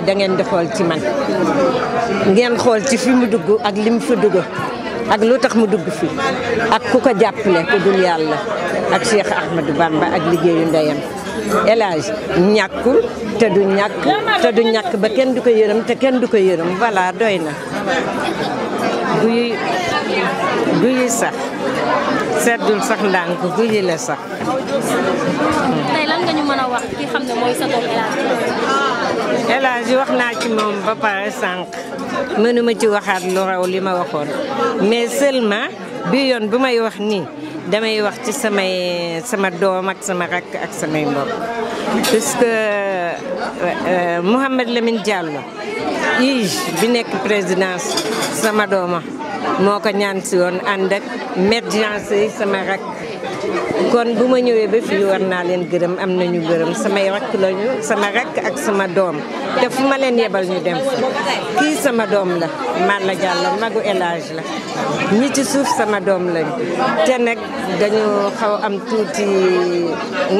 waaye ngeen di xool ci man ngeen xool ci fi mu dugg ak li mu ak lu tax mu dugg fi ak ku ko jàppale ku dul yàlla ak Cheikh Ahmadou Bamba ak liggéeyu ndeyam élage ñàkku te du ñàkk te du ñàkk ba kenn du ko yërëm te kenn du ko yërëm voilà doy na guy guy sax seddul sax ndànk guy la sax sa El Hadji wax naa ci moom ba pare sànq mënuma ci waxaat lu raw li ma waxoon mais seulement bi yoon bu may wax nii damay wax ci samay sama doom ak sama rakk ak samay mbokk puisque euh, euh, Mouhamed Lamine Diallo IJ bi nekk présidence sama dooma moo ko ñaan si woon ànd ak médiance yi sama rakk kon bu ma ñëwee ba fii war naa leen gërëm am nañu gërëm samay rakk lañu sama rekk ak sama doom te fu ma leen yebal ñu dem kii sama doom la Malla Diallo magu élage la ñi ci suuf sama doom lañu te nag dañu xaw am tuuti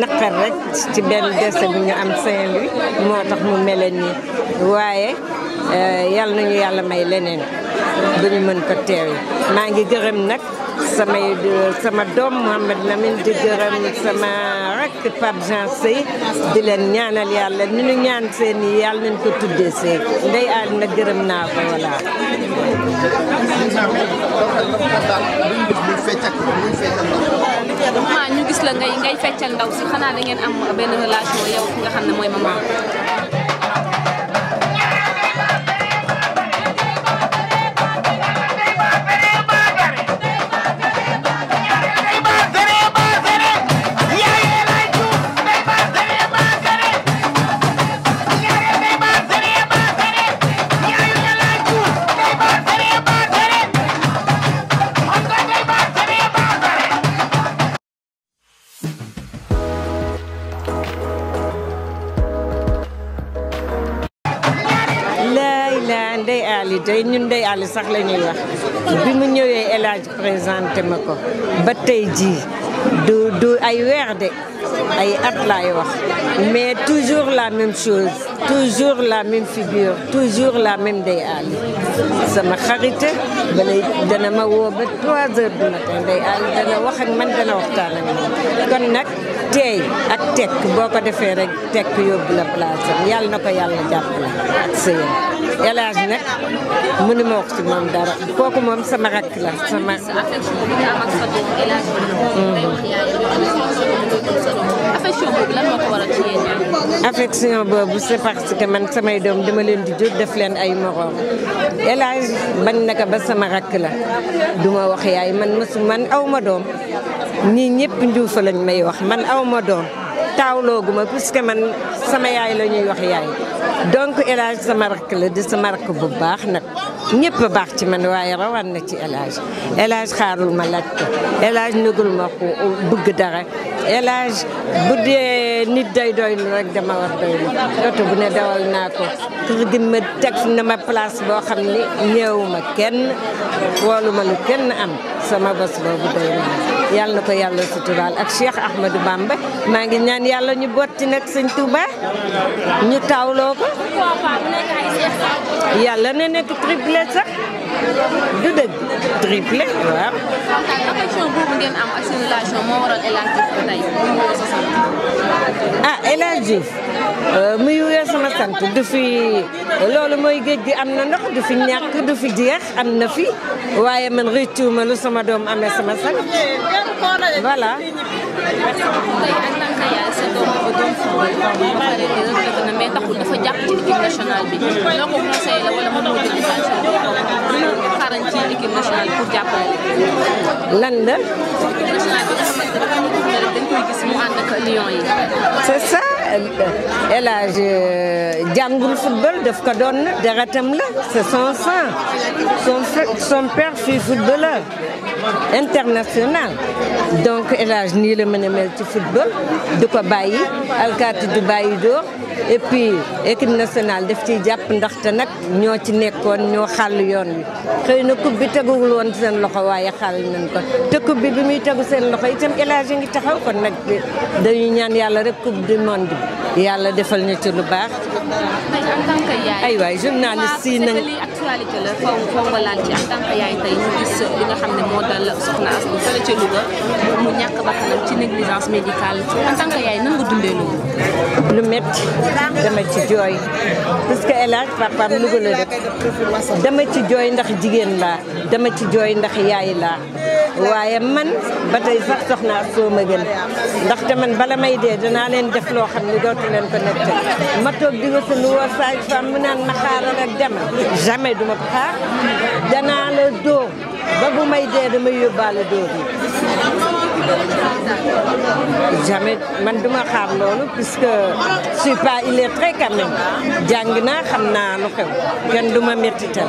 naqar rek ci benn dese bu ñu am Saint-Louis moo tax mu meleen ni waaye eh, yàlla nañu yàlla may leneen ba ñu mën ko teew maa ngi gërëm nag samay euh, sama doom Mouhamed Lamine di gërëm sama rakk Pape Jean Sey di leen ñaanal yàlla ni ñu ñaan seen yi yàlla nañ ko tuddee ndey aal na gërëm naa ko voilà. ñu gis la ngay feccal ndaw si xanaa da ngeen am benn relation yow ki nga xam ne mooy maman. man Ndeye Aly tey ñun Ndeye Aly la ñuy wax bi mu ñëwee El Hadj présenté ma ko ba tey jii du ay weer de ay at laay wax mais toujours la même chose toujours la même figure toujours la même Ndeye Aly sama xarit balay dana ma woo ba trois heures du matin Ndeye Aly dana wax ak man dana waxtaan ak man kon nag tey ak tekk boo ko defee rek tekk yóbbu la place am yàlla na ko yàlla jàppale ak sëyam El Hadj nag mënuma wax ci moom dara kooku moom sama rakk la sama. affection boobu c'est parce que man samay doom dama leen di jur def leen ay moroom El Hadj bañ naka ba sama rakk la du ma wax yaay man mësu man aw doom nii ñëpp njuufa lañ may wax man aw doom. taawloogu ma puisque man sama yaay la ñuy wax yaay donc El Hadj sama rakk di sama rakk bu baax nag ñëpp baax ci man waaye rawan na ci El Hadj El Hadj ma laaj ko Hadj nugul ma ko bëgg dara El bu dee nit day doylu rek dama war doylu oto bu ne dawal naa ko kër gi ma teg na ma place boo xam ne ñëwuma kenn woolu ma lu kenn am sama bos boobu doylu yàlla na ko yàlla suturaal ak Cheikh Ahmadou Bamba maa ngi ñaan yàlla ñu boot ci nag sëñ Touba ñu tawloo ko yàlla na nekk triplé sax du dëgg triplé waaw. affection boobu ngeen am ak seen relation moo waral El Hadj Diouf tey ah El Hadj Diouf euh, muy wéer sama sant du fi loolu mooy géej gi am na ndox du fi ñàkk du fi jeex am na fi waaye man rëccuuma lu sama doom amee sama sant voilà. mais taxul dafa jàpp ci équipe nationale bi nañ ci équipe nationale pour jàppale lan la. équipe nationale bi nga xamante ne dañ koy gis mu ànd ak Lions yi. c'est ça El Hadj euh, jàngul football daf ko doon deretam la c'est son sang son son père fii footballeur. international donc El nii la mën a mel ci football du bàyyi alkaati du bàyyi dóor et puis national nationale daf ciy jàpp ndaxte nag ñoo ci nekkoon ñoo xàll yoon wi xëy na coupe bi teguwul woon seen loxo waaye xal nañ ko te bi bi muy tegu seen loxo itam El yi ngi taxaw kon nag dañuy ñaan yàlla rek coupe monde bi yàlla defal ñu ci lu baax ay actualité la faw faw nga laal ci en tant que yaay tey ñu gis li nga xam ne moo dal soxna Astou fële ca Louga mu ñàkk bakkanam ci négligence médicale en tant que yaay nan nga dundee loolu. lu métti dama ci jooy parce que El Hadj papaam Louga la dëkk dama ci jooy ndax jigéen laa dama ci jooy ndax yaay laa waaye man ba tey sax soxna Astou ma gën ndaxte man bala may dee danaa leen def loo xam ne dootu leen ko nekk ma toog di wësal woo sage femme mu naan ma xaaral ak dem jamais duma ko xaar la dóor ba bu may dee damay yóbbaale dóor yi jamais man duma xaar loolu puisque je suis pas illettrée quand même jàng naa xam naa lu xew kenn duma mettital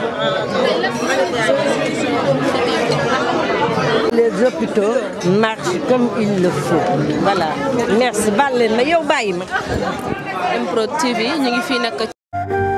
les hôpitaux marchent comme il le faut voilà merci baal leen ma yow bàyyi ma. MPROD TV ñu ngi fii nag.